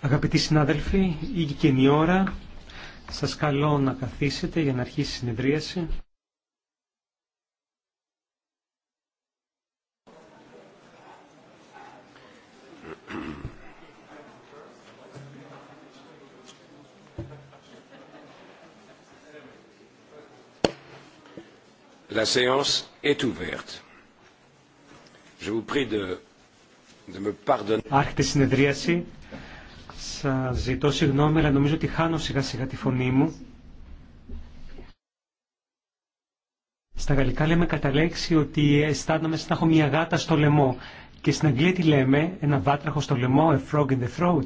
Αγαπητοί συνάδελφοι, ήγηκε η ώρα. Σα καλώ να καθίσετε για να αρχίσει η συνεδρίαση. La séance est ouverte. Je vous prie de Άρχεται η συνεδρίαση. Σα ζητώ συγγνώμη, αλλά νομίζω ότι χάνω σιγά σιγά τη φωνή μου. Στα γαλλικά λέμε κατά λέξη ότι αισθάνομαι σαν να έχω μια γάτα στο λαιμό. Και στην Αγγλία τι λέμε, ένα βάτραχο στο λαιμό, a frog in the throat.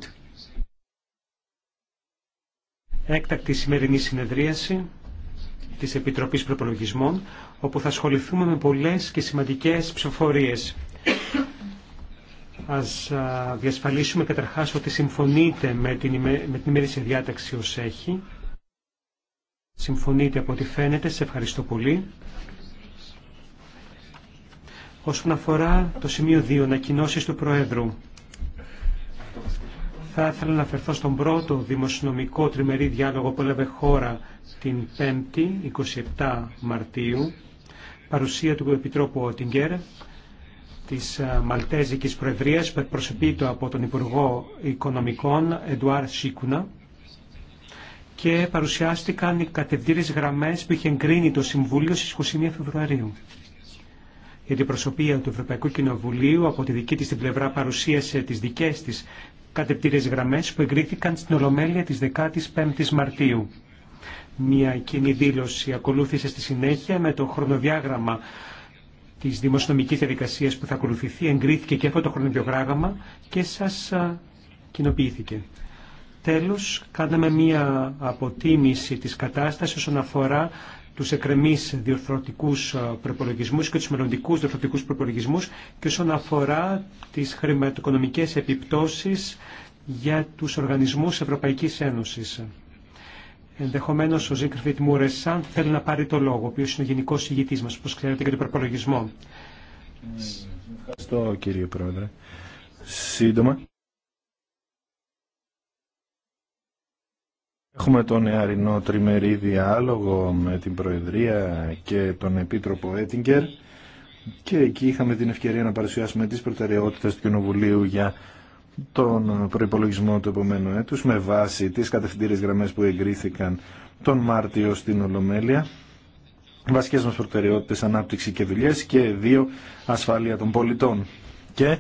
Έκτακτη σημερινή συνεδρίαση της Επιτροπής Προπολογισμών, όπου θα ασχοληθούμε με πολλές και σημαντικέ ψηφοφορίες. Ας διασφαλίσουμε καταρχάς ότι συμφωνείτε με την, με την διάταξη ως έχει. Συμφωνείτε από ό,τι φαίνεται. Σε ευχαριστώ πολύ. Όσον αφορά το σημείο 2, ανακοινώσει του Προέδρου. Θα ήθελα να αφαιρθώ στον πρώτο δημοσιονομικό τριμερή διάλογο που έλαβε χώρα την 5η, 27 Μαρτίου, παρουσία του Επιτρόπου Ότιγκερ, της ε, Μαλτέζικης Προεδρίας που εκπροσωπείται από τον Υπουργό Οικονομικών Εντουάρ Σίκουνα και παρουσιάστηκαν οι κατευθύνες γραμμές που είχε εγκρίνει το Συμβούλιο στις 21 Φεβρουαρίου. Η αντιπροσωπεία του Ευρωπαϊκού Κοινοβουλίου από τη δική της την πλευρά παρουσίασε τις δικές της κατευθύνες γραμμές που εγκρίθηκαν στην Ολομέλεια της 15ης Μαρτίου. Μια κοινή δήλωση ακολούθησε στη συνέχεια με το χρονοδιάγραμμα Τη δημοσιονομική διαδικασία που θα ακολουθηθεί εγκρίθηκε και αυτό το χρονοβιογράμμα και σας κοινοποιήθηκε. Τέλος, κάναμε μία αποτίμηση της κατάστασης όσον αφορά του εκρεμεί διορθωτικού προπολογισμού και του μελλοντικού διορθωτικούς προπολογισμού και όσον αφορά τι χρηματοοικονομικές επιπτώσει για τους οργανισμούς Ευρωπαϊκής Ένωσης. Ενδεχομένω ο Ζίκρφιτ Μούρεσαν θέλει να πάρει το λόγο, ο οποίο είναι ο γενικός ηγητή μα όπως ξέρετε, για τον προπολογισμό. Ευχαριστώ κύριε Πρόεδρε. Σύντομα. Έχουμε τον νεαρινό τριμερή διάλογο με την Προεδρία και τον Επίτροπο Έτιγκερ και εκεί είχαμε την ευκαιρία να παρουσιάσουμε τις προτεραιότητες του Κοινοβουλίου για τον προϋπολογισμό του επομένου έτους με βάση τις κατευθυντήριες γραμμές που εγκρίθηκαν τον Μάρτιο στην Ολομέλεια βασικές μας προτεραιότητες ανάπτυξη και δουλειές και δύο ασφάλεια των πολιτών και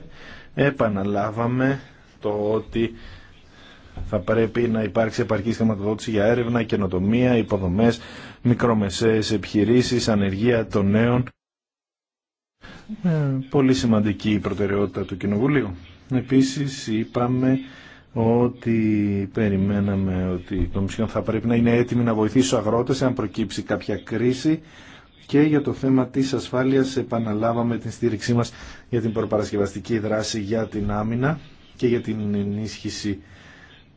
επαναλάβαμε το ότι θα πρέπει να υπάρξει επαρκή χρηματοδότηση για έρευνα, καινοτομία, υποδομές, μικρομεσαίες επιχειρήσεις, ανεργία των νέων. Ε, πολύ σημαντική η προτεραιότητα του Κοινοβουλίου. Επίσης είπαμε ότι περιμέναμε ότι η Κομισιόν θα πρέπει να είναι έτοιμη να βοηθήσει τους αγρότες αν προκύψει κάποια κρίση και για το θέμα της ασφάλειας επαναλάβαμε την στήριξή μας για την προπαρασκευαστική δράση για την άμυνα και για την ενίσχυση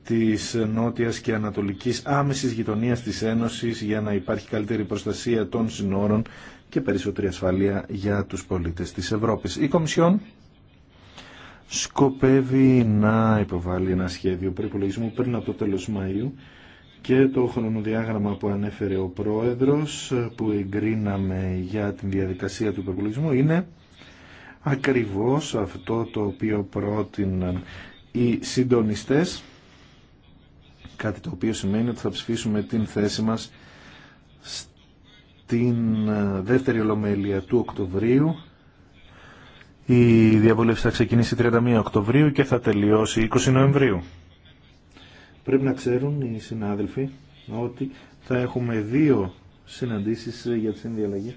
της νότιας και ανατολικής άμεσης γειτονίας της Ένωσης για να υπάρχει καλύτερη προστασία των συνόρων και περισσότερη ασφάλεια για τους πολίτες της Ευρώπης. Η Κομισιόν σκοπεύει να υποβάλει ένα σχέδιο προπολογισμού πριν από το τέλος Μαΐου και το χρονοδιάγραμμα που ανέφερε ο Πρόεδρος που εγκρίναμε για την διαδικασία του προπολογισμού είναι ακριβώς αυτό το οποίο πρότειναν οι συντονιστές κάτι το οποίο σημαίνει ότι θα ψηφίσουμε την θέση μας στην δεύτερη ολομέλεια του Οκτωβρίου η διαβούλευση θα ξεκινήσει 31 Οκτωβρίου και θα τελειώσει 20 Νοεμβρίου. Πρέπει να ξέρουν οι συνάδελφοι ότι θα έχουμε δύο συναντήσεις για τη συνδιαλλαγή.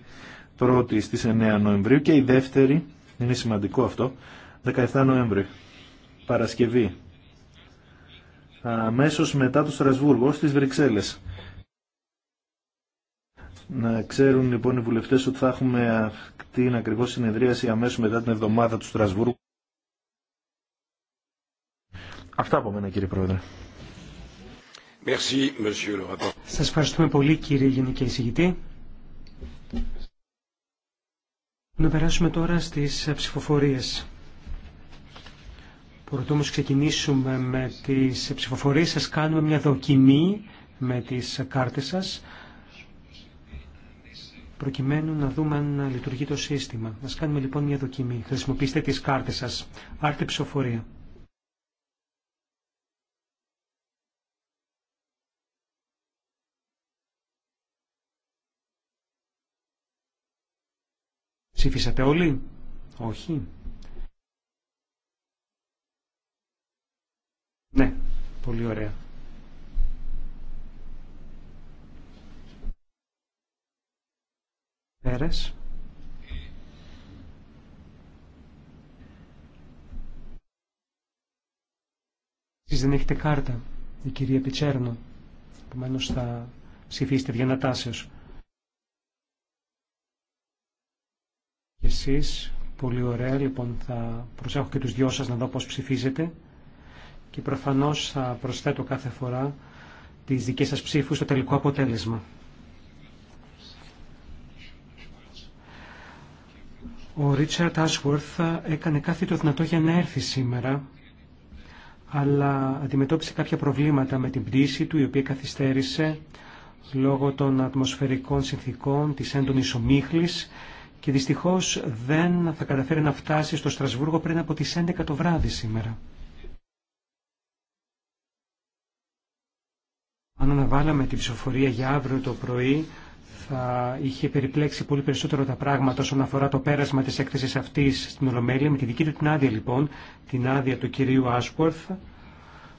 Πρώτη στις 9 Νοεμβρίου και η δεύτερη, είναι σημαντικό αυτό, 17 Νοεμβρίου, Παρασκευή. Αμέσως μετά το Στρασβούργο στις Βρυξέλλες. Να ξέρουν λοιπόν οι βουλευτές ότι θα έχουμε αυτή ακριβώς συνεδρίαση αμέσως μετά την εβδομάδα του Στρασβούργου. Αυτά από μένα κύριε Πρόεδρε. Merci, ευχαριστούμε πολύ κύριε Γενική Εισηγητή. Να περάσουμε τώρα στις ψηφοφορίες. Μπορούμε όμως ξεκινήσουμε με τις ψηφοφορίες. Σας κάνουμε μια δοκιμή με τις κάρτες σας προκειμένου να δούμε αν λειτουργεί το σύστημα. Α κάνουμε λοιπόν μια δοκιμή. Χρησιμοποιήστε τι κάρτε σα. Άρτε ψηφοφορία. Ψήφισατε όλοι. Όχι. Ναι. Πολύ ωραία. Πέρας. Εσείς δεν έχετε κάρτα, η κυρία Πιτσέρνο. Επομένω θα ψηφίσετε διανατάσεως. Και εσείς, πολύ ωραία, λοιπόν θα προσέχω και τους δυο σας να δω πώς ψηφίζετε. Και προφανώς θα προσθέτω κάθε φορά τις δικές σας ψήφους στο τελικό αποτέλεσμα. Ο Ρίτσαρτ Άσουορθ ε, έκανε κάθε το δυνατό για να έρθει σήμερα, αλλά αντιμετώπισε κάποια προβλήματα με την πτήση του, η οποία καθυστέρησε λόγω των ατμοσφαιρικών συνθήκων, της έντονης ομίχλης και δυστυχώς δεν θα καταφέρει να φτάσει στο Στρασβούργο πριν από τις 11 το βράδυ σήμερα. Αν αναβάλαμε την ψηφοφορία για αύριο το πρωί, θα είχε περιπλέξει πολύ περισσότερο τα πράγματα όσον αφορά το πέρασμα της έκθεσης αυτής στην Ολομέλεια. Με τη δική του την άδεια λοιπόν, την άδεια του κυρίου Άσπορθ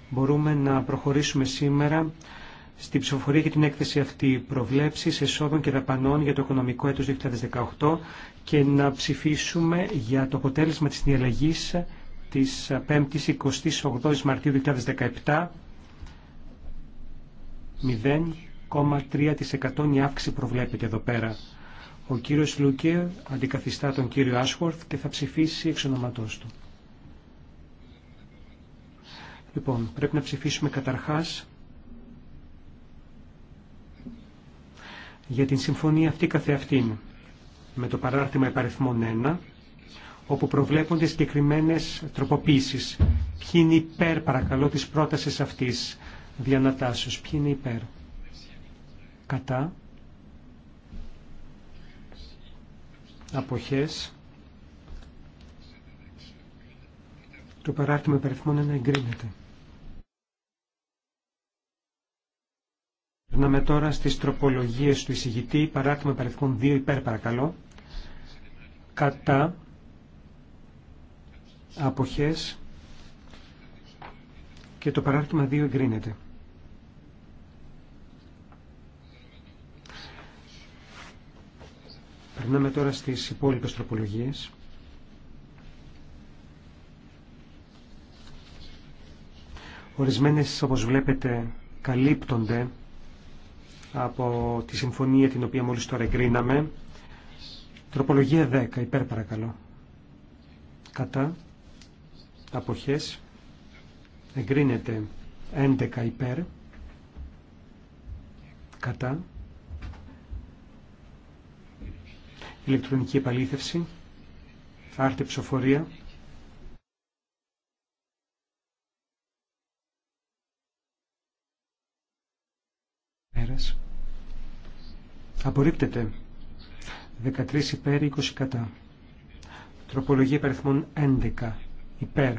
μπορούμε να προχωρήσουμε σήμερα στην ψηφοφορία για την έκθεση αυτή προβλέψεις εσόδων και δαπανών για το οικονομικό έτος 2018 και να ψηφίσουμε για το αποτέλεσμα της διαλλαγής της 5ης 28 Μαρτίου 2017 0 3% η αύξηση προβλέπεται εδώ πέρα. Ο κύριος Λούκε αντικαθιστά τον κύριο Άσχορθ και θα ψηφίσει εξ ονοματός του. Λοιπόν, πρέπει να ψηφίσουμε καταρχάς για την συμφωνία αυτή καθεαυτήν με το παράρτημα υπαριθμών 1 όπου προβλέπονται συγκεκριμένε τροποποίησεις. Ποιοι είναι υπέρ, παρακαλώ, της πρότασης αυτής διανατάσεως. Ποιοι είναι υπέρ κατά αποχές το παράρτημα περιθμών 1 εγκρίνεται. Περνάμε τώρα στις τροπολογίες του εισηγητή, παράρτημα περιθμών 2 υπέρ παρακαλώ, κατά αποχές και το παράρτημα 2 εγκρίνεται. Περνάμε τώρα στις υπόλοιπες τροπολογίες. Ορισμένες, όπως βλέπετε, καλύπτονται από τη συμφωνία την οποία μόλις τώρα εγκρίναμε. Τροπολογία 10, υπέρ παρακαλώ. Κατά, αποχές, εγκρίνεται 11 υπέρ, κατά, ηλεκτρονική επαλήθευση, άρτη ψηφοφορία. Απορρίπτεται. 13 υπέρ, 20 κατά. Τροπολογία υπέρ 11 υπέρ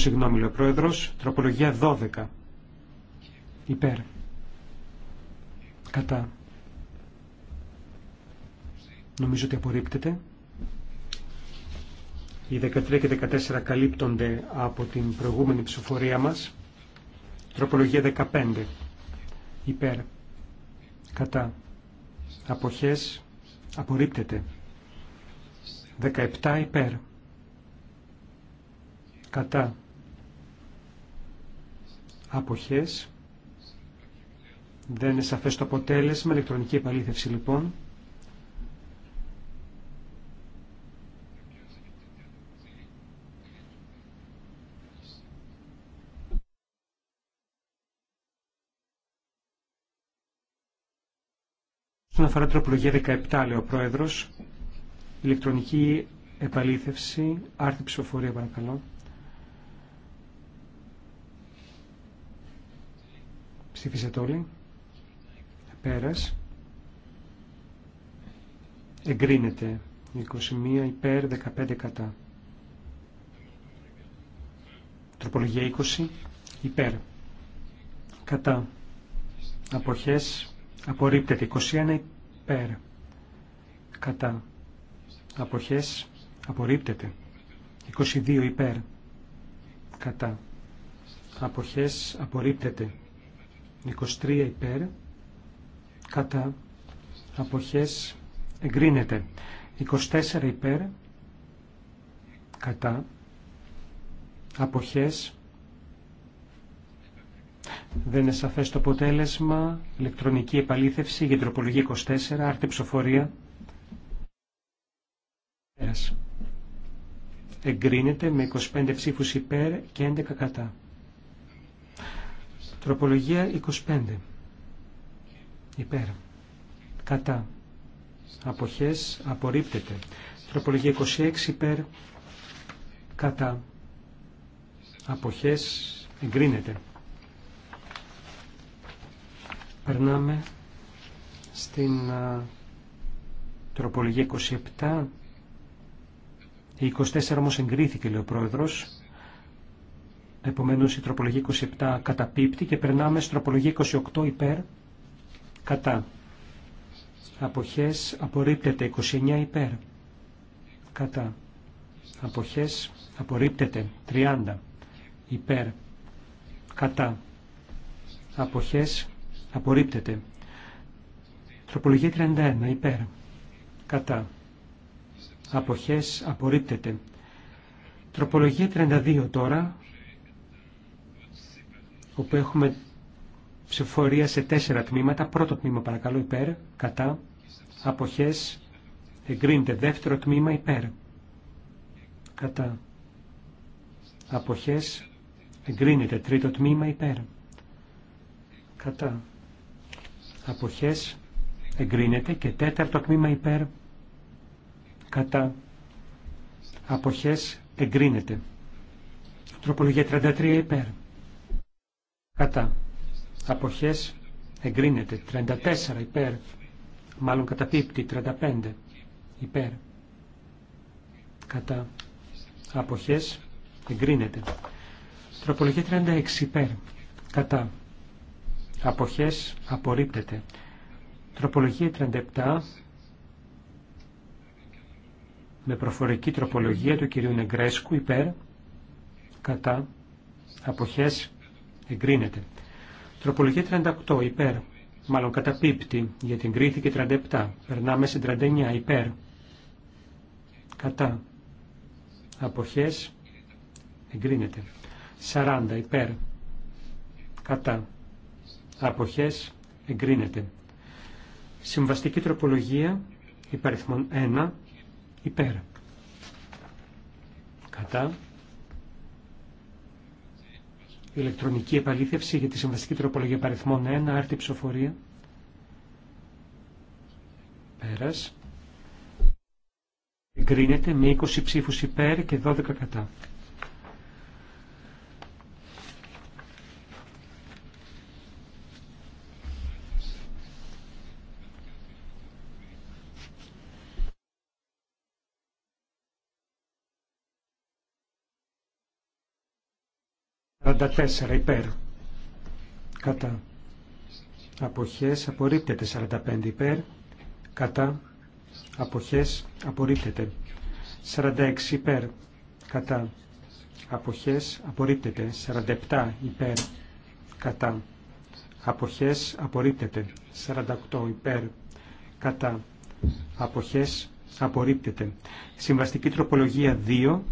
Συγγνώμη, λέει ο Πρόεδρο. Τροπολογία 12. Υπέρ. Κατά. Νομίζω ότι απορρίπτεται. Οι 13 και 14 καλύπτονται από την προηγούμενη ψηφοφορία μας. Τροπολογία 15. Υπέρ. Κατά. Αποχές. Απορρίπτεται. 17 υπέρ. Κατά. Αποχές. Δεν είναι σαφές το αποτέλεσμα. Ηλεκτρονική επαλήθευση λοιπόν. Στον αφορά τροπολογία 17, λέει ο Πρόεδρος, ηλεκτρονική επαλήθευση, άρθρη ψηφοφορία παρακαλώ. το όλοι. Πέρας. Εγκρίνεται. 21 υπέρ, 15 κατά. Τροπολογία 20 υπέρ. Κατά. Αποχές απορρίπτεται. 21 υπέρ. Κατά. Αποχές απορρίπτεται. 22 υπέρ. Κατά. Αποχές απορρίπτεται. 23 υπέρ, κατά αποχές εγκρίνεται. 24 υπέρ, κατά αποχές δεν είναι σαφές το αποτέλεσμα. Ηλεκτρονική επαλήθευση γεντροπολογή 24, άρτη ψηφοφορία. Εγκρίνεται με 25 ψήφους υπέρ και 11 κατά. Τροπολογία 25. Υπέρ. Κατά. Αποχές απορρίπτεται. Τροπολογία 26 υπέρ. Κατά. Αποχές εγκρίνεται. Περνάμε στην τροπολογία 27. Η 24 όμως εγκρίθηκε, λέει ο πρόεδρος. Επομένω η τροπολογία 27 καταπίπτει και περνάμε στην τροπολογία 28 υπέρ κατά. Αποχές απορρίπτεται 29 υπέρ κατά. Αποχές απορρίπτεται 30 υπέρ κατά. Αποχές απορρίπτεται. Τροπολογία 31 υπέρ κατά. Αποχές απορρίπτεται. Τροπολογία 32 τώρα όπου έχουμε ψηφορία σε τέσσερα τμήματα. Πρώτο τμήμα παρακαλώ υπέρ, κατά, αποχές, εγκρίνεται. Δεύτερο τμήμα υπέρ, κατά, αποχές, εγκρίνεται. Τρίτο τμήμα υπέρ, κατά, αποχές, εγκρίνεται. Και τέταρτο τμήμα υπέρ, κατά, αποχές, εγκρίνεται. Τροπολογία 33 υπέρ κατά αποχές εγκρίνεται 34 υπέρ μάλλον καταπίπτει 35 υπέρ κατά αποχές εγκρίνεται τροπολογία 36 υπέρ κατά αποχές απορρίπτεται τροπολογία 37 με προφορική τροπολογία του κυρίου Νεγκρέσκου υπέρ κατά αποχές εγκρίνεται. Τροπολογία 38 υπέρ, μάλλον καταπίπτει, γιατί εγκρίθηκε 37. Περνάμε σε 39 υπέρ, κατά, αποχές, εγκρίνεται. 40 υπέρ, κατά, αποχές, εγκρίνεται. Συμβαστική τροπολογία υπαριθμών 1 υπέρ. Κατά ηλεκτρονική επαλήθευση για τη συμβαστική τροπολογία παριθμών 1, άρτη ψηφοφορία. Πέρας. Εγκρίνεται με 20 ψήφους υπέρ και 12 κατά. 44 υπέρ. Κατά. Αποχές απορρίπτεται 45 υπέρ. Κατά. Αποχές απορρίπτεται. 46 υπέρ. Κατά. Αποχές απορρίπτεται. 47 υπέρ. Κατά. Αποχές απορρίπτεται. 48 υπέρ. Κατά. Αποχές απορρίπτεται. Συμβαστική τροπολογία 2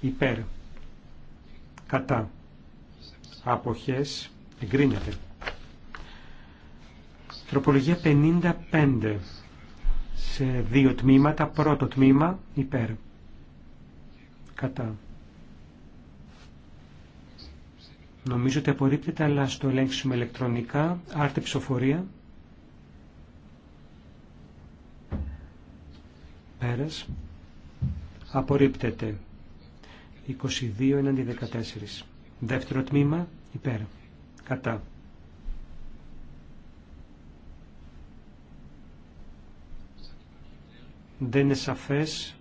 υπέρ. Κατά αποχές εγκρίνεται. Τροπολογία 55 σε δύο τμήματα. Πρώτο τμήμα υπέρ. Κατά. Νομίζω ότι απορρίπτεται, αλλά στο το ελέγξουμε ηλεκτρονικά. Άρτε ψηφοφορία. Πέρας. Απορρίπτεται. 22 έναντι 14. Δεύτερο τμήμα υπέρ. Κατά. Δεν είναι σαφές.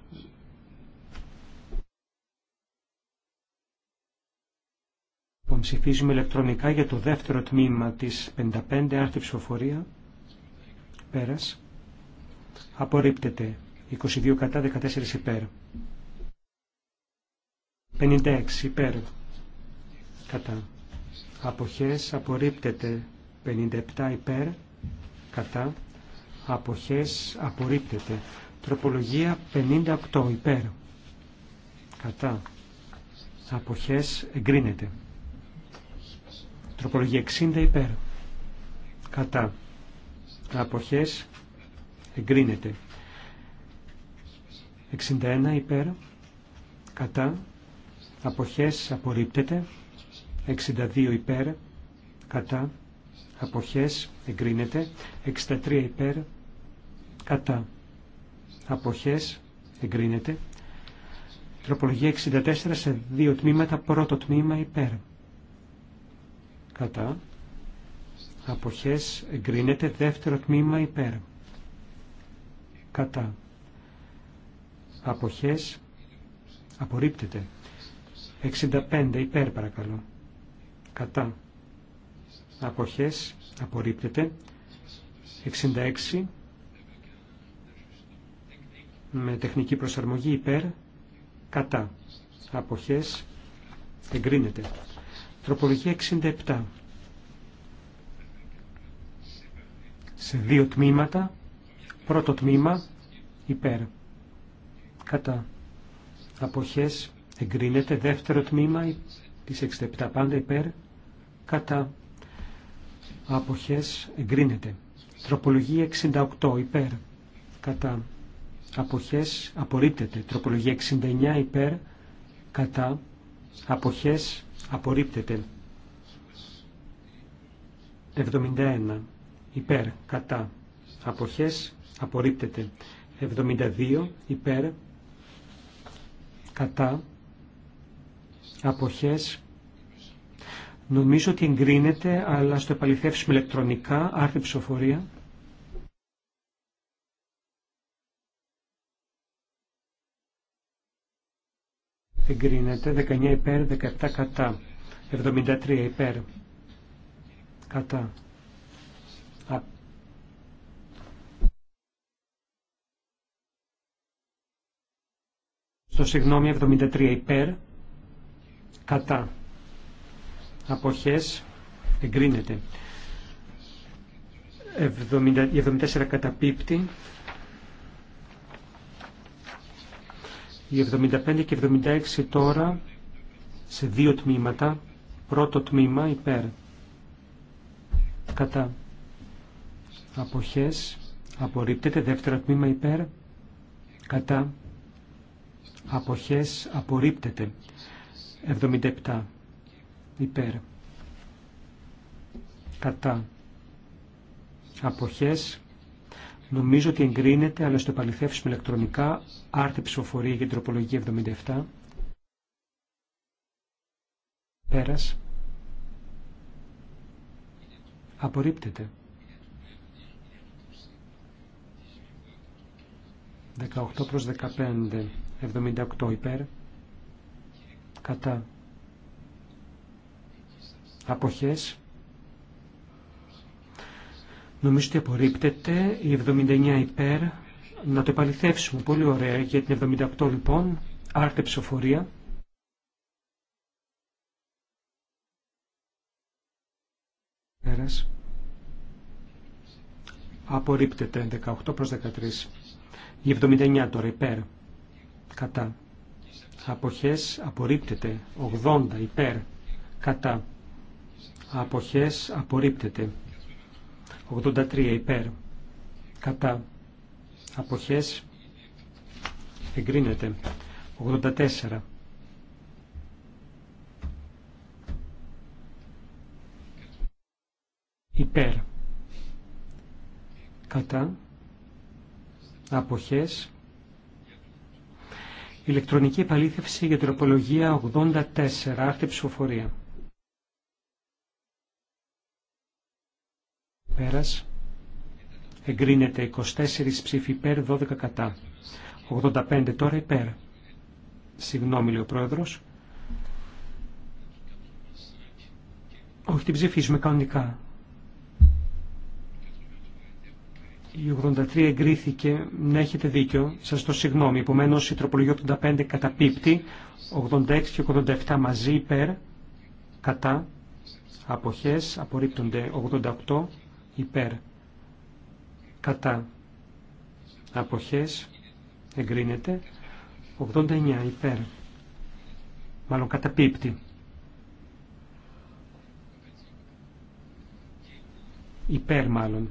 Ψηφίζουμε ηλεκτρονικά για το δεύτερο τμήμα της 55 άρθρη ψηφοφορία. Πέρας. Απορρίπτεται. 22 κατά 14 υπέρ. 56 υπέρ κατά αποχές απορρίπτεται 57 υπέρ κατά αποχές απορρίπτεται τροπολογία 58 υπέρ κατά αποχές εγκρίνεται τροπολογία 60 υπέρ κατά αποχές εγκρίνεται 61 υπέρ κατά αποχές απορρίπτεται 62 υπέρ, κατά, αποχές, εγκρίνεται. 63 υπέρ, κατά, αποχές, εγκρίνεται. Τροπολογία 64 σε δύο τμήματα, πρώτο τμήμα υπέρ. Κατά, αποχές, εγκρίνεται. Δεύτερο τμήμα υπέρ. Κατά, αποχές, απορρίπτεται. 65 υπέρ παρακαλώ κατά αποχές απορρίπτεται 66 με τεχνική προσαρμογή υπέρ κατά αποχές εγκρίνεται τροπολογία 67 σε δύο τμήματα πρώτο τμήμα υπέρ κατά αποχές εγκρίνεται δεύτερο τμήμα της 67 πάντα υπέρ κατά αποχές εγκρίνεται. Τροπολογία 68 υπέρ κατά αποχές απορρίπτεται. Τροπολογία 69 υπέρ κατά αποχές απορρίπτεται. 71 υπέρ κατά αποχές απορρίπτεται. 72 υπέρ κατά αποχές Νομίζω ότι εγκρίνεται, αλλά στο επαληθεύσουμε ηλεκτρονικά, άρθρη ψηφοφορία. Εγκρίνεται 19 υπέρ, 17 κατά, 73 υπέρ, κατά. Στο συγγνώμη 73 υπέρ, κατά αποχές εγκρίνεται. 74 καταπίπτει. Οι 75 και 76 τώρα σε δύο τμήματα. Πρώτο τμήμα υπέρ. Κατά. Αποχές. Απορρίπτεται. Δεύτερο τμήμα υπέρ. Κατά. Αποχές. Απορρίπτεται. 77 υπέρ κατά αποχές νομίζω ότι εγκρίνεται αλλά στο παληθεύσουμε ηλεκτρονικά άρτη ψηφοφορία για την τροπολογία 77 πέρας απορρίπτεται 18 προς 15 78 υπέρ κατά αποχές. Νομίζω ότι απορρίπτεται η 79 υπέρ. Να το επαληθεύσουμε. Πολύ ωραία. Για την 78 λοιπόν, άρτε ψηφοφορία. Απορρίπτεται 18 προς 13. Η 79 τώρα υπέρ. Κατά. Αποχές απορρίπτεται 80 υπέρ. Κατά αποχές απορρίπτεται. 83 υπέρ κατά αποχές εγκρίνεται. 84 υπέρ κατά αποχές ηλεκτρονική επαλήθευση για τροπολογία 84 άρτη ψηφοφορία. Πέρας. Εγκρίνεται 24 ψήφοι υπέρ, 12 κατά. 85 τώρα υπέρ. Συγγνώμη, λέει ο Πρόεδρος. Όχι, την ψηφίζουμε κανονικά. Η 83 εγκρίθηκε, να έχετε δίκιο, σας το συγγνώμη. Επομένως η τροπολογία 85 καταπίπτει, 86 και 87 μαζί υπέρ, κατά, αποχές, απορρίπτονται 88 υπέρ κατά αποχές εγκρίνεται 89 υπέρ μάλλον καταπίπτει υπέρ μάλλον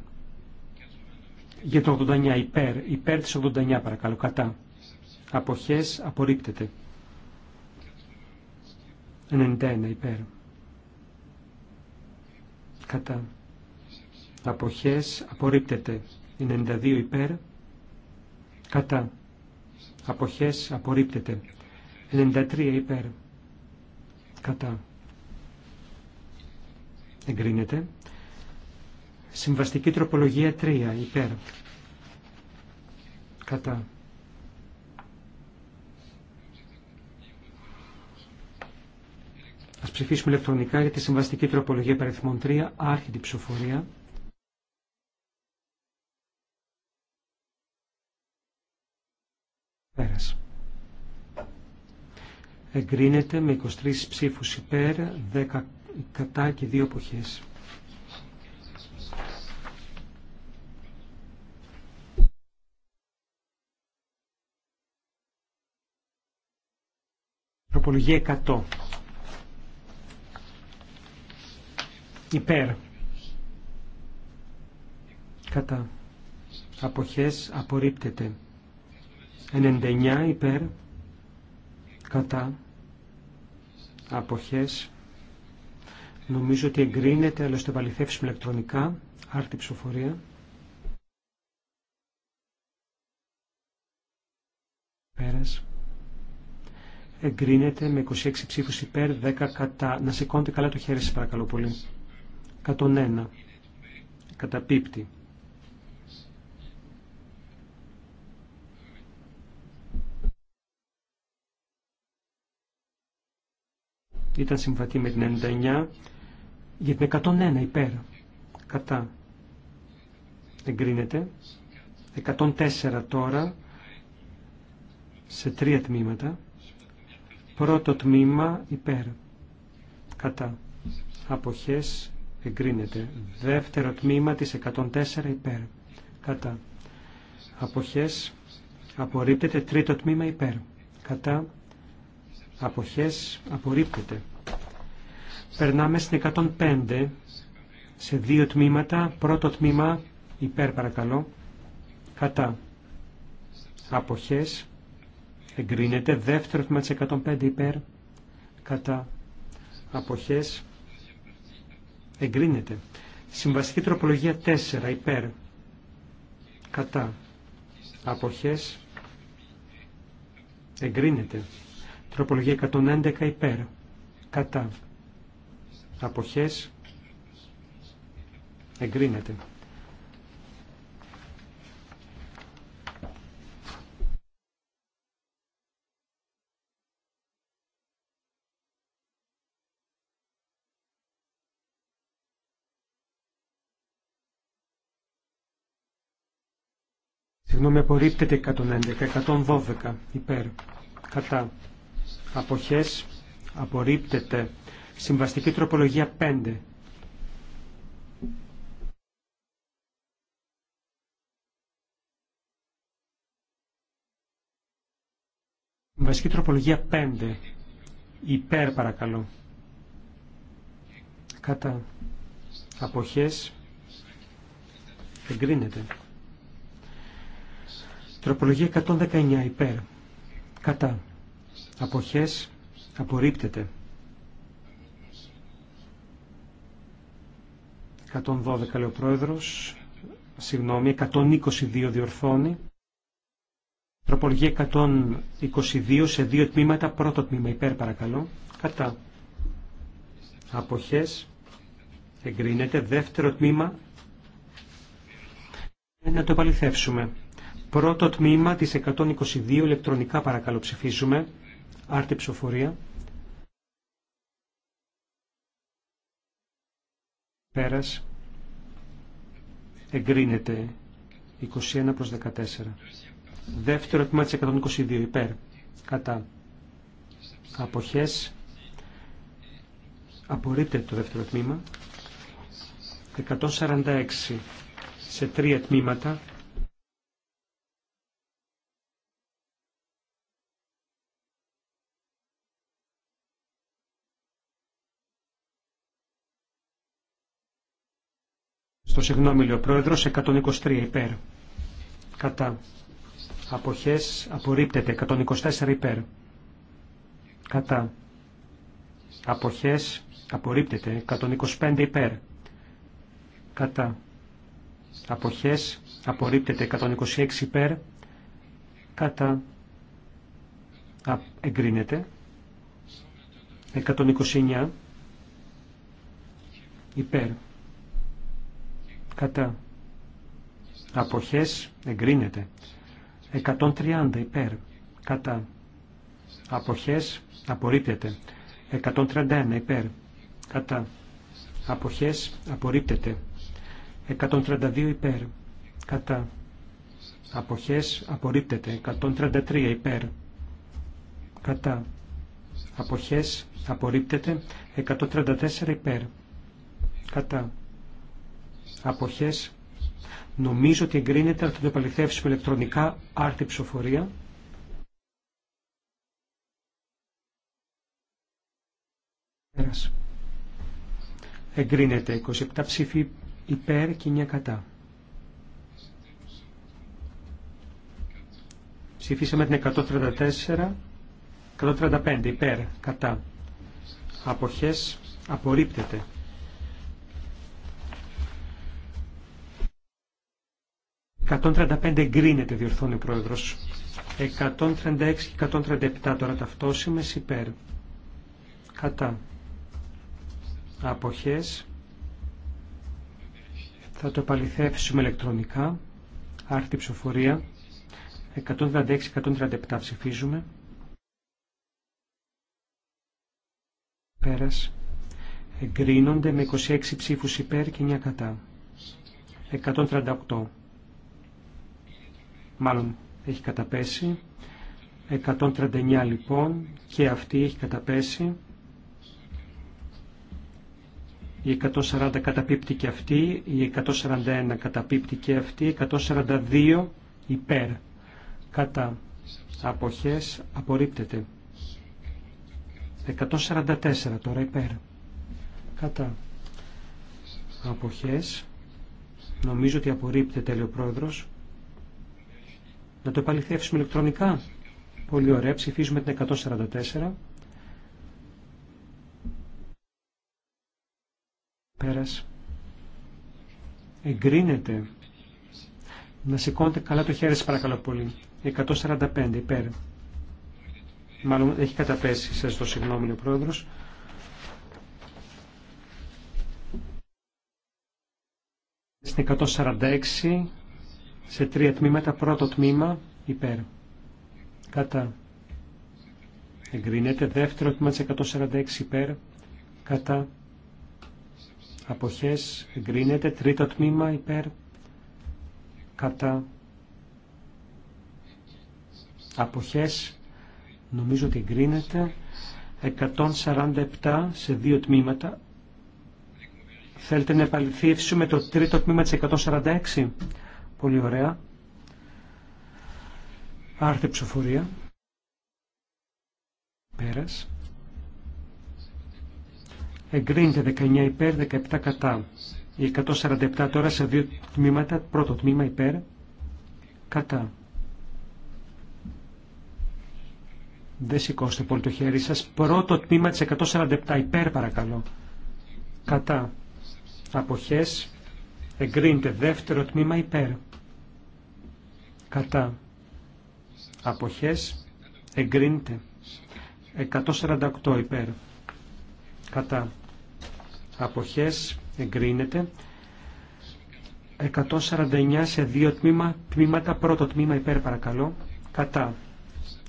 για το 89 υπέρ υπέρ της 89 παρακαλώ κατά αποχές απορρίπτεται 91 υπέρ κατά αποχές απορρίπτεται. 92 υπέρ, κατά, αποχές απορρίπτεται. 93 υπέρ, κατά, εγκρίνεται. Συμβαστική τροπολογία 3 υπέρ, κατά. Ας ψηφίσουμε ηλεκτρονικά για τη συμβαστική τροπολογία παριθμών 3, άρχιτη ψηφοφορία. εγκρίνεται με 23 ψήφους υπέρ, 10 κατά και 2 εποχές. Προπολογία 100. Υπέρ. Κατά. Αποχές απορρίπτεται. 99 υπέρ. Κατά αποχές. Νομίζω ότι εγκρίνεται, αλλά στο επαληθεύσουμε ηλεκτρονικά. Άρτη ψηφοφορία. Πέρας. Εγκρίνεται με 26 ψήφους υπέρ, 10 κατά. Να σηκώνετε καλά το χέρι σας παρακαλώ πολύ. 101. Καταπίπτει. ήταν συμβατή με την 99 για την 101 υπέρ κατά εγκρίνεται 104 τώρα σε τρία τμήματα πρώτο τμήμα υπέρ κατά αποχές εγκρίνεται δεύτερο τμήμα της 104 υπέρ κατά αποχές απορρίπτεται τρίτο τμήμα υπέρ κατά αποχές απορρίπτεται. Περνάμε στην 105 σε δύο τμήματα. Πρώτο τμήμα υπέρ παρακαλώ. Κατά. Αποχές. Εγκρίνεται. Δεύτερο τμήμα της 105 υπέρ. Κατά. Αποχές. Εγκρίνεται. Συμβαστική τροπολογία 4 υπέρ. Κατά. Αποχές. Εγκρίνεται. Τροπολογία 111 υπέρ. Κατά. Αποχές. Εγκρίνεται. Συγγνώμη, απορρίπτεται 111, 112 υπέρ. Κατά αποχές απορρίπτεται. Συμβαστική τροπολογία 5. Βασική τροπολογία 5. Υπέρ παρακαλώ. Κατά αποχές εγκρίνεται. Τροπολογία 119 υπέρ. Κατά αποχές απορρίπτεται 112 λέει ο πρόεδρος συγγνώμη 122 διορθώνει τροπολογία 122 σε δύο τμήματα πρώτο τμήμα υπέρ παρακαλώ κατά αποχές εγκρίνεται δεύτερο τμήμα ε, να το επαληθεύσουμε πρώτο τμήμα της 122 ηλεκτρονικά παρακαλώ ψηφίζουμε Άρτη ψηφοφορία. Πέρας. Εγκρίνεται 21 προς 14. Δεύτερο τμήμα της 122 υπέρ. Κατά. Αποχές. Απορρίπτεται το δεύτερο τμήμα. 146 σε τρία τμήματα το συγγνώμη, λέει ο πρόεδρος, 123 υπέρ. Κατά. Αποχές απορρίπτεται. 124 υπέρ. Κατά. Αποχές απορρίπτεται. 125 υπέρ. Κατά. Αποχές απορρίπτεται. 126 υπέρ. Κατά. εγκρίνεται. 129 υπέρ κατά αποχές εγκρίνεται 130 υπέρ κατά αποχές απορρίπτεται 131 υπέρ κατά αποχές απορρίπτεται 132 υπέρ κατά αποχές απορρίπτεται 133 υπέρ κατά αποχές απορρίπτεται 134 υπέρ κατά αποχές νομίζω ότι εγκρίνεται να θα το επαληθεύσουμε ηλεκτρονικά άρτη ψηφοφορία εγκρίνεται 27 ψήφοι υπέρ και 9 κατά ψηφίσαμε την 134 135 υπέρ κατά αποχές απορρίπτεται 135 εγκρίνεται, διορθώνει ο πρόεδρος. 136 και 137 τώρα ταυτόσιμες υπέρ. Κατά. Αποχές. Θα το επαληθεύσουμε ηλεκτρονικά. Άρτη ψηφοφορία. 136-137 ψηφίζουμε. Πέρας. Εγκρίνονται με 26 ψήφους υπέρ και 9 κατά. 138 μάλλον έχει καταπέσει. 139 λοιπόν και αυτή έχει καταπέσει. Η 140 καταπίπτει και αυτή, η 141 καταπίπτει και αυτή, 142 υπέρ. Κατά αποχές απορρίπτεται. 144 τώρα υπέρ. Κατά αποχές νομίζω ότι απορρίπτεται λέει ο πρόεδρος. Να το επαληθεύσουμε ηλεκτρονικά. Πολύ ωραία. Ψηφίζουμε την 144. Πέρας. Εγκρίνεται. Να σηκώνετε καλά το χέρι σας παρακαλώ πολύ. 145 υπέρ. Μάλλον έχει καταπέσει. Σας το συγγνώμη ο πρόεδρος. Στην 146 σε τρία τμήματα. Πρώτο τμήμα υπέρ. Κατά. Εγκρίνεται. Δεύτερο τμήμα της 146 υπέρ. Κατά. Αποχές. Εγκρίνεται. Τρίτο τμήμα υπέρ. Κατά. Αποχές. Νομίζω ότι εγκρίνεται. 147 σε δύο τμήματα. Θέλετε να επαληθεύσουμε το τρίτο τμήμα της 146. Πολύ ωραία. Άρθε ψηφορία. Πέρας. Εγκρίνεται 19 υπέρ, 17 κατά. Η 147 τώρα σε δύο τμήματα. Πρώτο τμήμα υπέρ, κατά. Δεν σηκώστε πολύ το χέρι σας. Πρώτο τμήμα της 147 υπέρ παρακαλώ. Κατά. Αποχές. Εγκρίνεται δεύτερο τμήμα υπέρ κατά αποχές εγκρίνεται 148 υπέρ κατά αποχές εγκρίνεται 149 σε δύο τμήμα, τμήματα πρώτο τμήμα υπέρ παρακαλώ κατά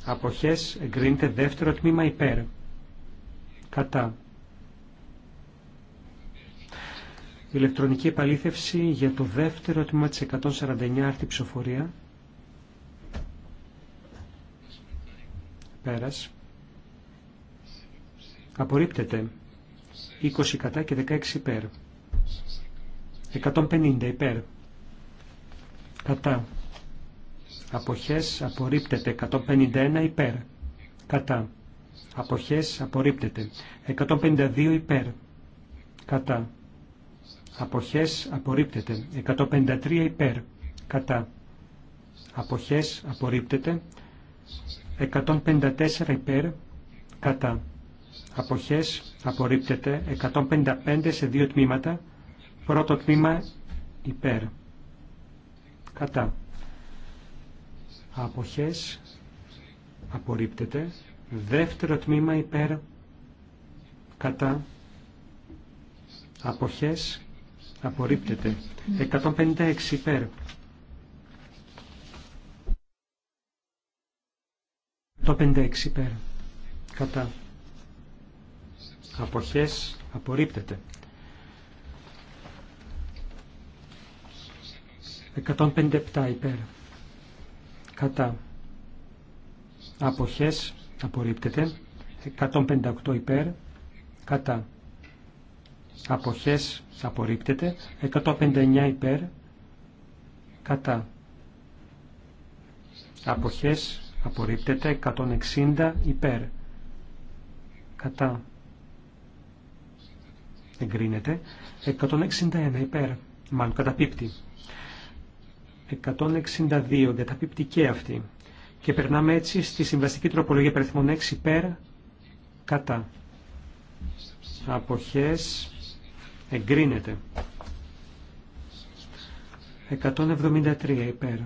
αποχές εγκρίνεται δεύτερο τμήμα υπέρ κατά ηλεκτρονική επαλήθευση για το δεύτερο τμήμα της 149 άρτη ψηφοφορία Πέρας. Απορρίπτεται. 20 κατά και 16 υπέρ. 150 υπέρ. Κατά. Αποχές απορρίπτεται. 151 υπέρ. Κατά. Αποχές απορρίπτεται. 152 υπέρ. Κατά. Αποχές απορρίπτεται. 153 υπέρ. Κατά. Αποχές απορρίπτεται. 154 υπέρ, κατά. Αποχές απορρίπτεται 155 σε δύο τμήματα. Πρώτο τμήμα υπέρ. Κατά. Αποχές απορρίπτεται. Δεύτερο τμήμα υπέρ. Κατά. Αποχές απορρίπτεται. 156 υπέρ. 156 υπέρ. Κατά. Αποχές απορρίπτεται. 157 υπέρ. Κατά. Αποχές απορρίπτεται. 158 υπέρ. Κατά. Αποχές απορρίπτεται. 159 υπέρ. Κατά. Αποχές απορρίπτεται 160 υπέρ κατά εγκρίνεται 161 υπέρ μάλλον καταπίπτει 162 καταπίπτει και αυτή και περνάμε έτσι στη συμβαστική τροπολογία περιθμών 6 υπέρ κατά αποχές εγκρίνεται 173 υπέρ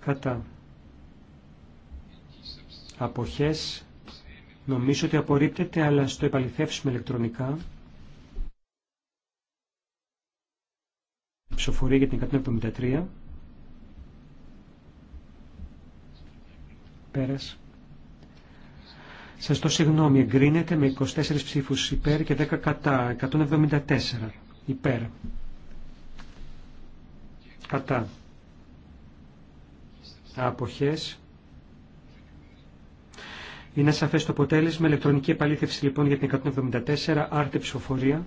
κατά αποχές νομίζω ότι απορρίπτεται αλλά στο επαληθεύσουμε ηλεκτρονικά ψηφοφορία για την 173 πέρας σας το συγγνώμη εγκρίνεται με 24 ψήφους υπέρ και 10 κατά 174 υπέρ κατά αποχές είναι σαφές το αποτέλεσμα. Ηλεκτρονική επαλήθευση λοιπόν για την 174. Άρτε ψηφοφορία.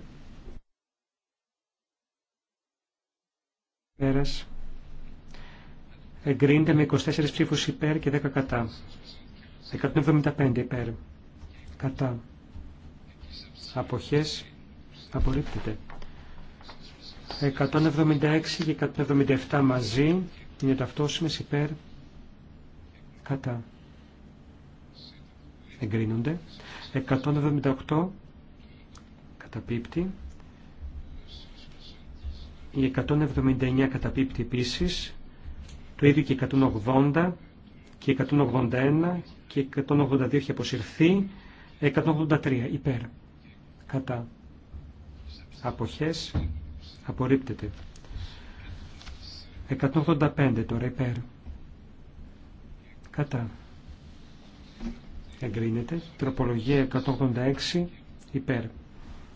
Πέρας. Εγκρίνεται με 24 ψήφους υπέρ και 10 κατά. 175 υπέρ. Κατά. Αποχές. Απορρίπτεται. 176 και 177 μαζί είναι ταυτόσιμες υπέρ. Κατά εγκρίνονται. 178 καταπίπτει. Η 179 καταπίπτει επίσης. Το ίδιο και 180 και 181 και 182 έχει αποσυρθεί. 183 υπέρ. Κατά αποχές απορρίπτεται. 185 τώρα υπέρ. Κατά εγκρίνεται. Τροπολογία 186 υπέρ.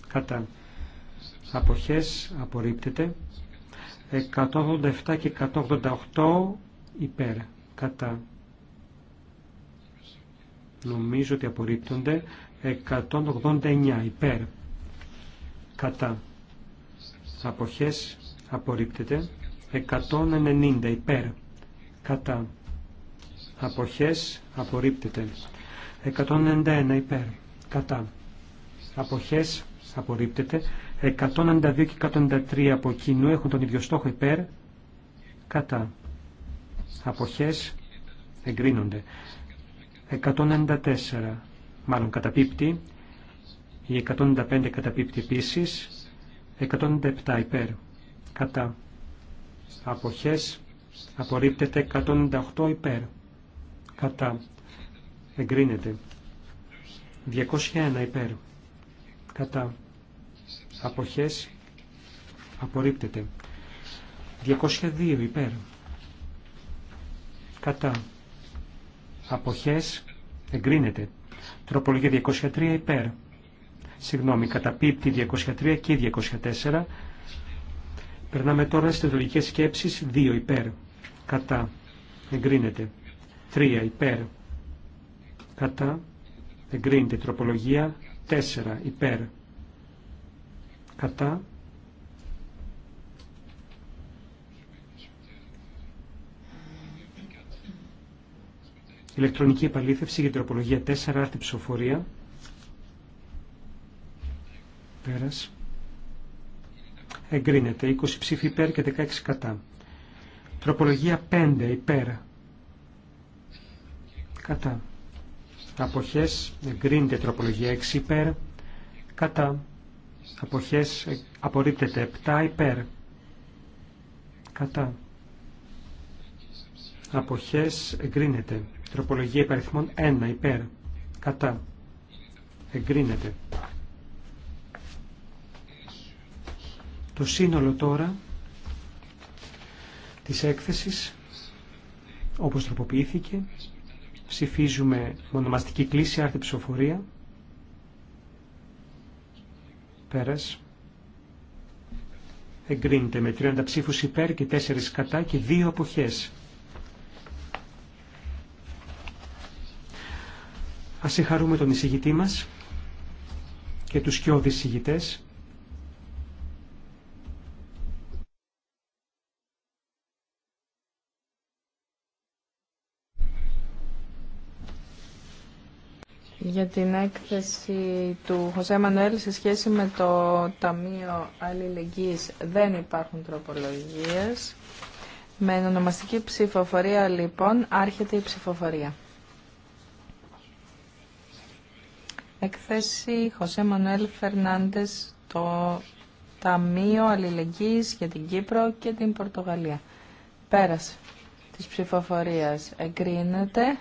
Κατά. Αποχές απορρίπτεται. 187 και 188 υπέρ. Κατά. Νομίζω ότι απορρίπτονται. 189 υπέρ. Κατά. Αποχές απορρίπτεται. 190 υπέρ. Κατά. Αποχές απορρίπτεται. 191 υπέρ. Κατά. Αποχές απορρίπτεται. 192 και 193 από κοινού έχουν τον ίδιο στόχο υπέρ. Κατά. Αποχές εγκρίνονται. 194 μάλλον καταπίπτει. Η 195 καταπίπτει επίση. 197 υπέρ. Κατά. Αποχές απορρίπτεται 198 υπέρ. Κατά εγκρίνεται. 201 υπέρ κατά αποχές απορρίπτεται. 202 υπέρ κατά αποχές εγκρίνεται. Τροπολογία 203 υπέρ. Συγγνώμη, καταπίπτει 203 και 204. Περνάμε τώρα στις λογικές σκέψεις 2 υπέρ. Κατά εγκρίνεται. 3 υπέρ κατά εγκρίνεται. Τροπολογία 4 υπέρ κατά ηλεκτρονική επαλήθευση για την τροπολογία 4 άρτη ψηφοφορία πέρας εγκρίνεται 20 ψήφοι υπέρ και 16 κατά τροπολογία 5 υπέρ κατά αποχές εγκρίνεται τροπολογία 6 υπέρ κατά αποχές ε, απορρίπτεται 7 υπέρ κατά αποχές εγκρίνεται τροπολογία υπαριθμών 1 υπέρ κατά εγκρίνεται το σύνολο τώρα της έκθεσης όπως τροποποιήθηκε Ψηφίζουμε μονομαστική κλίση, άρθρη ψηφοφορία. Πέρας. Εγκρίνεται με 30 ψήφους υπέρ και 4 κατά και 2 αποχές. Ας συγχαρούμε τον εισηγητή μας και τους κοιόδης εισηγητές. για την έκθεση του Χωσέ Μανουέλ σε σχέση με το Ταμείο Αλληλεγγύης δεν υπάρχουν τροπολογίες. Με ονομαστική ψηφοφορία λοιπόν άρχεται η ψηφοφορία. Εκθέση Χωσέ Μανουέλ Φερνάντες το Ταμείο Αλληλεγγύης για την Κύπρο και την Πορτογαλία. Πέρασε της ψηφοφορίας εγκρίνεται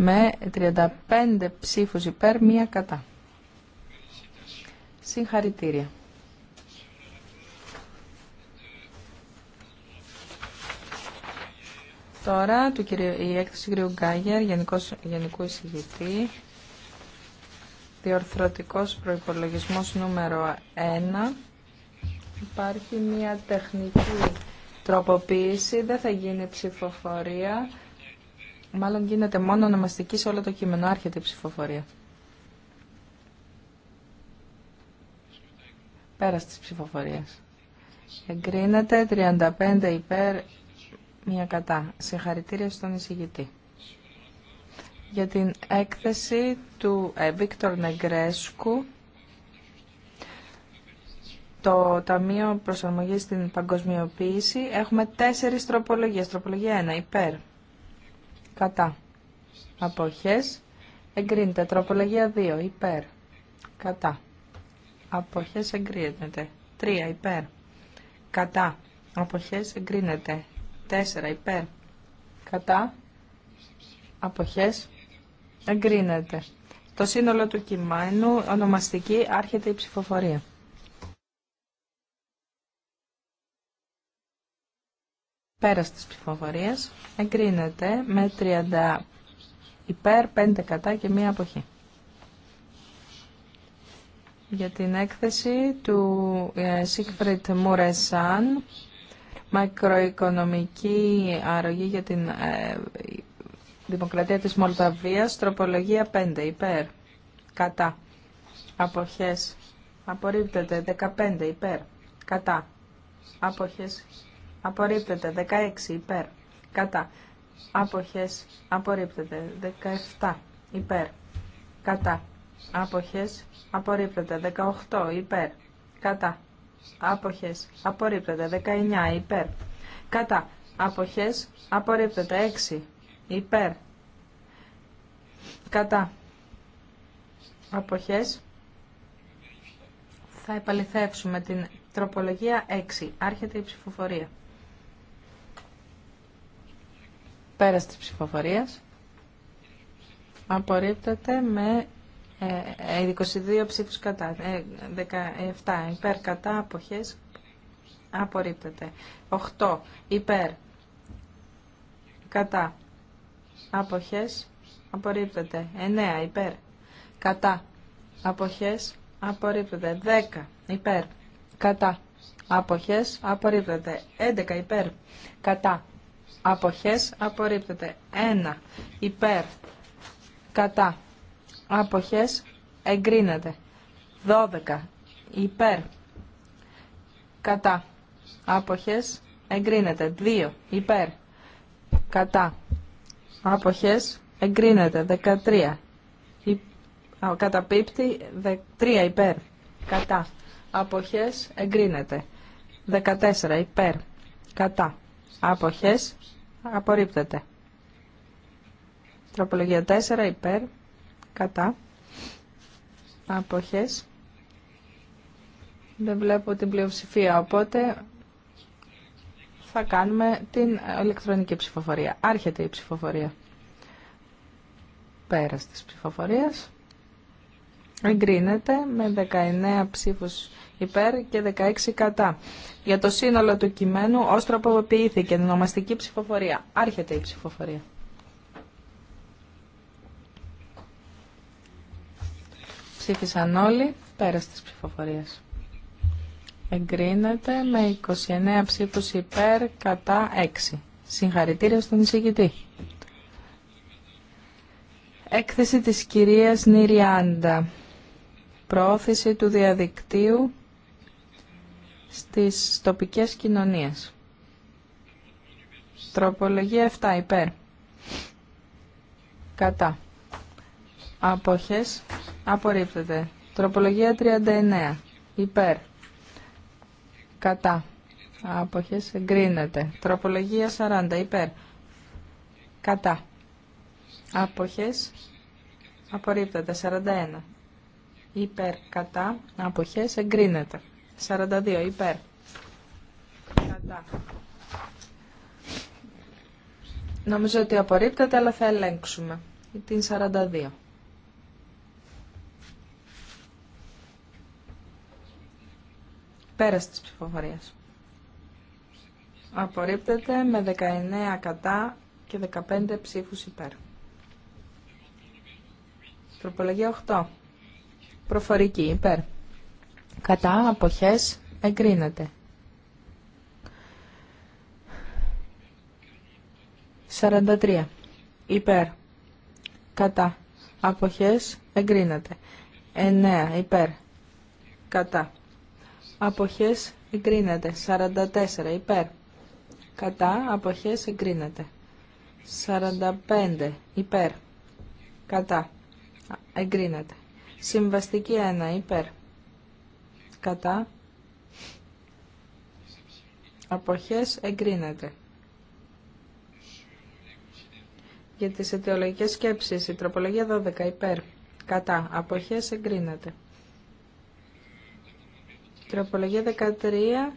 με 35 ψήφους υπέρ, μία κατά. Συγχαρητήρια. Τώρα του κυρίου, η έκθεση του κ. Γκάγερ, γενικός, γενικού εισηγητή, διορθωτικός προϋπολογισμός νούμερο 1. Υπάρχει μια τεχνική τροποποίηση, δεν θα γίνει ψηφοφορία. Μάλλον γίνεται μόνο ονομαστική σε όλο το κείμενο. Άρχεται η ψηφοφορία. Πέρας τη ψηφοφορία. Εγκρίνεται 35 υπέρ, μια κατά. Συγχαρητήρια στον εισηγητή. Για την έκθεση του ε, Βίκτορ Νεγκρέσκου, το Ταμείο Προσαρμογής στην Παγκοσμιοποίηση, έχουμε τέσσερις τροπολογίες. Τροπολογία 1 υπέρ κατά, αποχές, εγκρίνεται. Τροπολογία 2, υπέρ, κατά, αποχές, εγκρίνεται. 3, υπέρ, κατά, αποχές, εγκρίνεται. 4, υπέρ, κατά, αποχές, εγκρίνεται. Το σύνολο του κειμένου, ονομαστική, άρχεται η ψηφοφορία. Πέρας της ψηφοφορίας εγκρίνεται με 30 υπέρ, 5 κατά και μία αποχή. Για την έκθεση του Σίγφριτ ε, Μουρεσάν, μακροοικονομική αρρωγή για την ε, Δημοκρατία της Μολδαβίας, τροπολογία 5 υπέρ, κατά, αποχές, απορρίπτεται 15 υπέρ, κατά, αποχές απορρίπτεται 16 υπέρ κατά αποχές απορρίπτεται 17 υπέρ κατά αποχές απορρίπτεται 18 υπέρ κατά αποχές απορρίπτεται 19 υπέρ κατά αποχές απορρίπτεται 6 υπέρ κατά αποχές θα επαληθεύσουμε την τροπολογία 6 άρχεται η ψηφοφορία Πέρας της ψηφοφορίας. Απορρίπτεται με 22 ε, ε, ψήφους κατά, 17 ε, υπέρ κατά αποχές. Απορρίπτεται. 8 υπέρ κατά αποχές. Απορρίπτεται. 9 υπέρ κατά αποχές. Απορρίπτεται. 10 υπέρ κατά αποχές. Απορρίπτεται. 11 υπέρ κατά αποχές απορρίπτεται. 1 υπέρ κατά αποχές εγκρίνεται. 12 υπέρ κατά αποχές εγκρίνεται. 2 υπέρ κατά αποχές εγκρίνεται. 13 Καταπίπτει 3 υπέρ. Κατά. Αποχές εγκρίνεται. 14 υπέρ. Κατά. Αποχές Απορρίπτεται. Τροπολογία 4 υπέρ. Κατά. Αποχές. Δεν βλέπω την πλειοψηφία, οπότε θα κάνουμε την ηλεκτρονική ψηφοφορία. Άρχεται η ψηφοφορία. Πέρας της ψηφοφορίας εγκρίνεται με 19 ψήφους υπέρ και 16 κατά. Για το σύνολο του κειμένου ως τροποποιήθηκε νομαστική ψηφοφορία. Άρχεται η ψηφοφορία. Ψήφισαν όλοι πέρα της ψηφοφορίας. Εγκρίνεται με 29 ψήφους υπέρ κατά 6. Συγχαρητήρια στον εισηγητή. Έκθεση της κυρίας Νιριάντα προώθηση του διαδικτύου στις τοπικές κοινωνίες. Τροπολογία 7 υπέρ. Κατά. Απόχες. Απορρίπτεται. Τροπολογία 39. Υπέρ. Κατά. Απόχες. Εγκρίνεται. Τροπολογία 40. Υπέρ. Κατά. Απόχες. Απορρίπτεται. 41 υπέρ κατά αποχές εγκρίνεται 42 υπέρ κατά Νομίζω ότι απορρίπτεται, αλλά θα ελέγξουμε. Την 42. Πέρας της ψηφοφορίας. Απορρίπτεται με 19 κατά και 15 ψήφους υπέρ. Τροπολογία 8. Προφορική υπέρ. Κατά αποχές εγκρίνεται. 43. Υπέρ. Κατά. Αποχές εγκρίνεται. 9. Υπέρ. Κατά. Αποχές εγκρίνεται. 44. Υπέρ. Κατά. Αποχές εγκρίνεται. 45. Υπέρ. Κατά. Εγκρίνεται. Συμβαστική 1 υπέρ. Κατά. Αποχές εγκρίνεται. Για τις αιτιολογικές σκέψεις, η τροπολογία 12 υπέρ. Κατά. Αποχές εγκρίνεται. Τροπολογία 13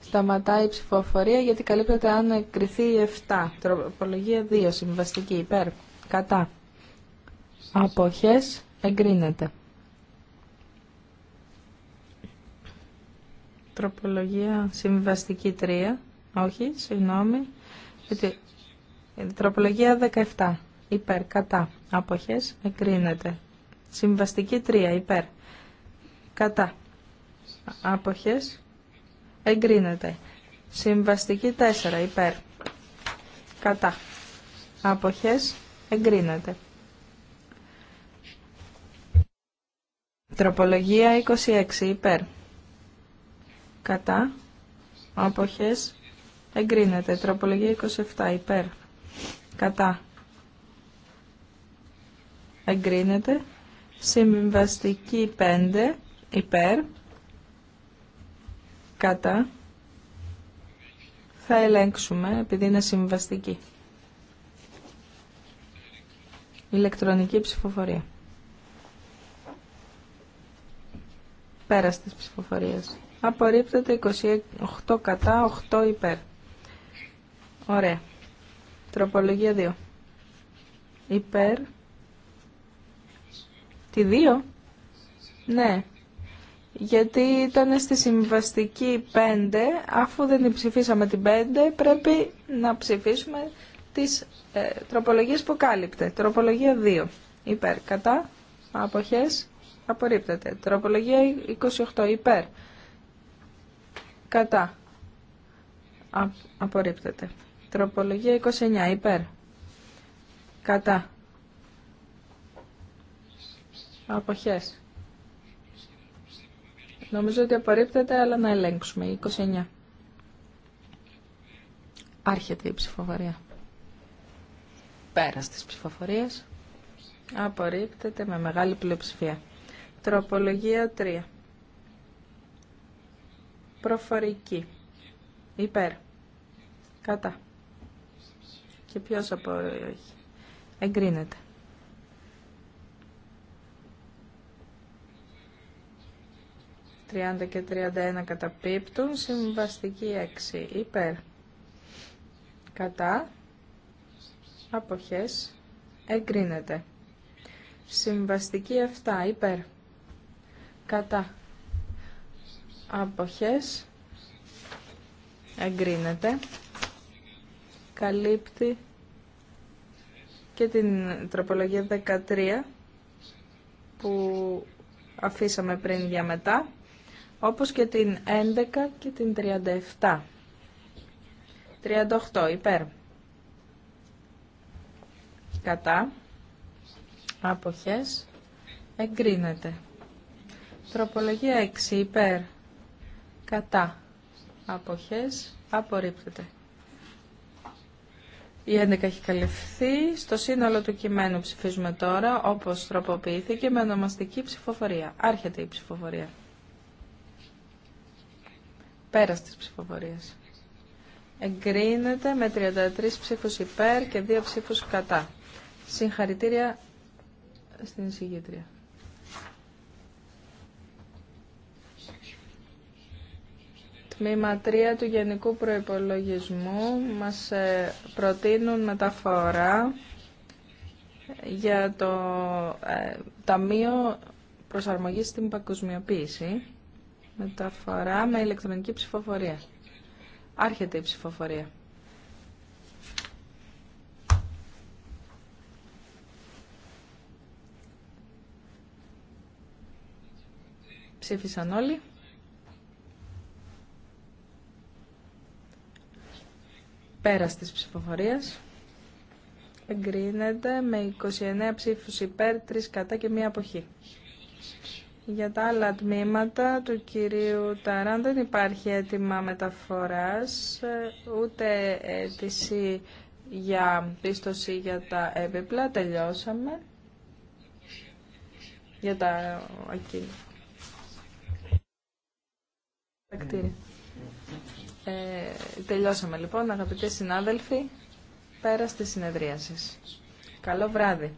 σταματάει η ψηφοφορία γιατί καλύπτεται αν εκκριθεί η 7. Τροπολογία 2, συμβαστική, υπέρ, κατά αποχές εγκρίνεται. Τροπολογία συμβιβαστική 3. Όχι, συγγνώμη. Τροπολογία 17. Υπέρ, κατά. Αποχές εγκρίνεται. Συμβαστική 3. Υπέρ. Κατά. Αποχές εγκρίνεται. Συμβαστική 4. Υπέρ. Κατά. Αποχές εγκρίνεται. Τροπολογία 26 υπέρ. Κατά. Αποχές. Εγκρίνεται. Τροπολογία 27 υπέρ. Κατά. Εγκρίνεται. Συμβαστική 5 υπέρ. Κατά. Θα ελέγξουμε επειδή είναι συμβαστική. Ηλεκτρονική ψηφοφορία. Πέρα τη ψηφοφορίας. Απορρίπτεται 28 κατά, 8 υπέρ. Ωραία. Τροπολογία 2. Υπέρ. Τη 2. Ναι. Γιατί ήταν στη συμβαστική 5, αφού δεν ψηφίσαμε την 5, πρέπει να ψηφίσουμε τις ε, τροπολογίες που κάλυπτε. Τροπολογία 2. Υπέρ, κατά, αποχές, Απορρίπτεται. Τροπολογία 28. Υπέρ. Κατά. Α, απορρίπτεται. Τροπολογία 29. Υπέρ. Κατά. Αποχές. Νομίζω ότι απορρίπτεται, αλλά να ελέγξουμε. 29. Άρχεται η ψηφοφορία. Πέρας της ψηφοφορίας. Απορρίπτεται με μεγάλη πλειοψηφία. Τροπολογία 3. Προφορική. Υπέρ. Κατά. Και ποιος από... Εγκρίνεται. ...30 και 31 καταπίπτουν... ...συμβαστική 6... ...υπέρ... ...κατά... ...αποχές... ...εγκρίνεται... ...συμβαστική 7... ...υπέρ κατά αποχές εγκρίνεται καλύπτει και την τροπολογία 13 που αφήσαμε πριν για μετά όπως και την 11 και την 37 38 υπέρ κατά αποχές εγκρίνεται Τροπολογία 6 υπέρ κατά αποχές απορρίπτεται. Η 11 έχει καλυφθεί. Στο σύνολο του κειμένου ψηφίζουμε τώρα, όπως τροποποιήθηκε, με ονομαστική ψηφοφορία. Άρχεται η ψηφοφορία. Πέρας της ψηφοφορίας. Εγκρίνεται με 33 ψήφους υπέρ και 2 ψήφους κατά. Συγχαρητήρια στην εισηγήτρια. τμήμα 3 του Γενικού Προϋπολογισμού μας ε, προτείνουν μεταφορά για το ε, Ταμείο Προσαρμογής στην Παγκοσμιοποίηση. Μεταφορά με ηλεκτρονική ψηφοφορία. Άρχεται η ψηφοφορία. Ψήφισαν όλοι. Πέρας της ψηφοφορίας. Εγκρίνεται με 29 ψήφους υπέρ, 3 κατά και μία αποχή. Για τα άλλα τμήματα του κυρίου Ταράν δεν υπάρχει αίτημα μεταφοράς, ούτε αίτηση για πίστοση για τα έπιπλα. Τελειώσαμε. Για τα ακίνητα. Ε, τελειώσαμε λοιπόν, αγαπητοί συνάδελφοι, πέρα στη συνεδρία σας. Καλό βράδυ.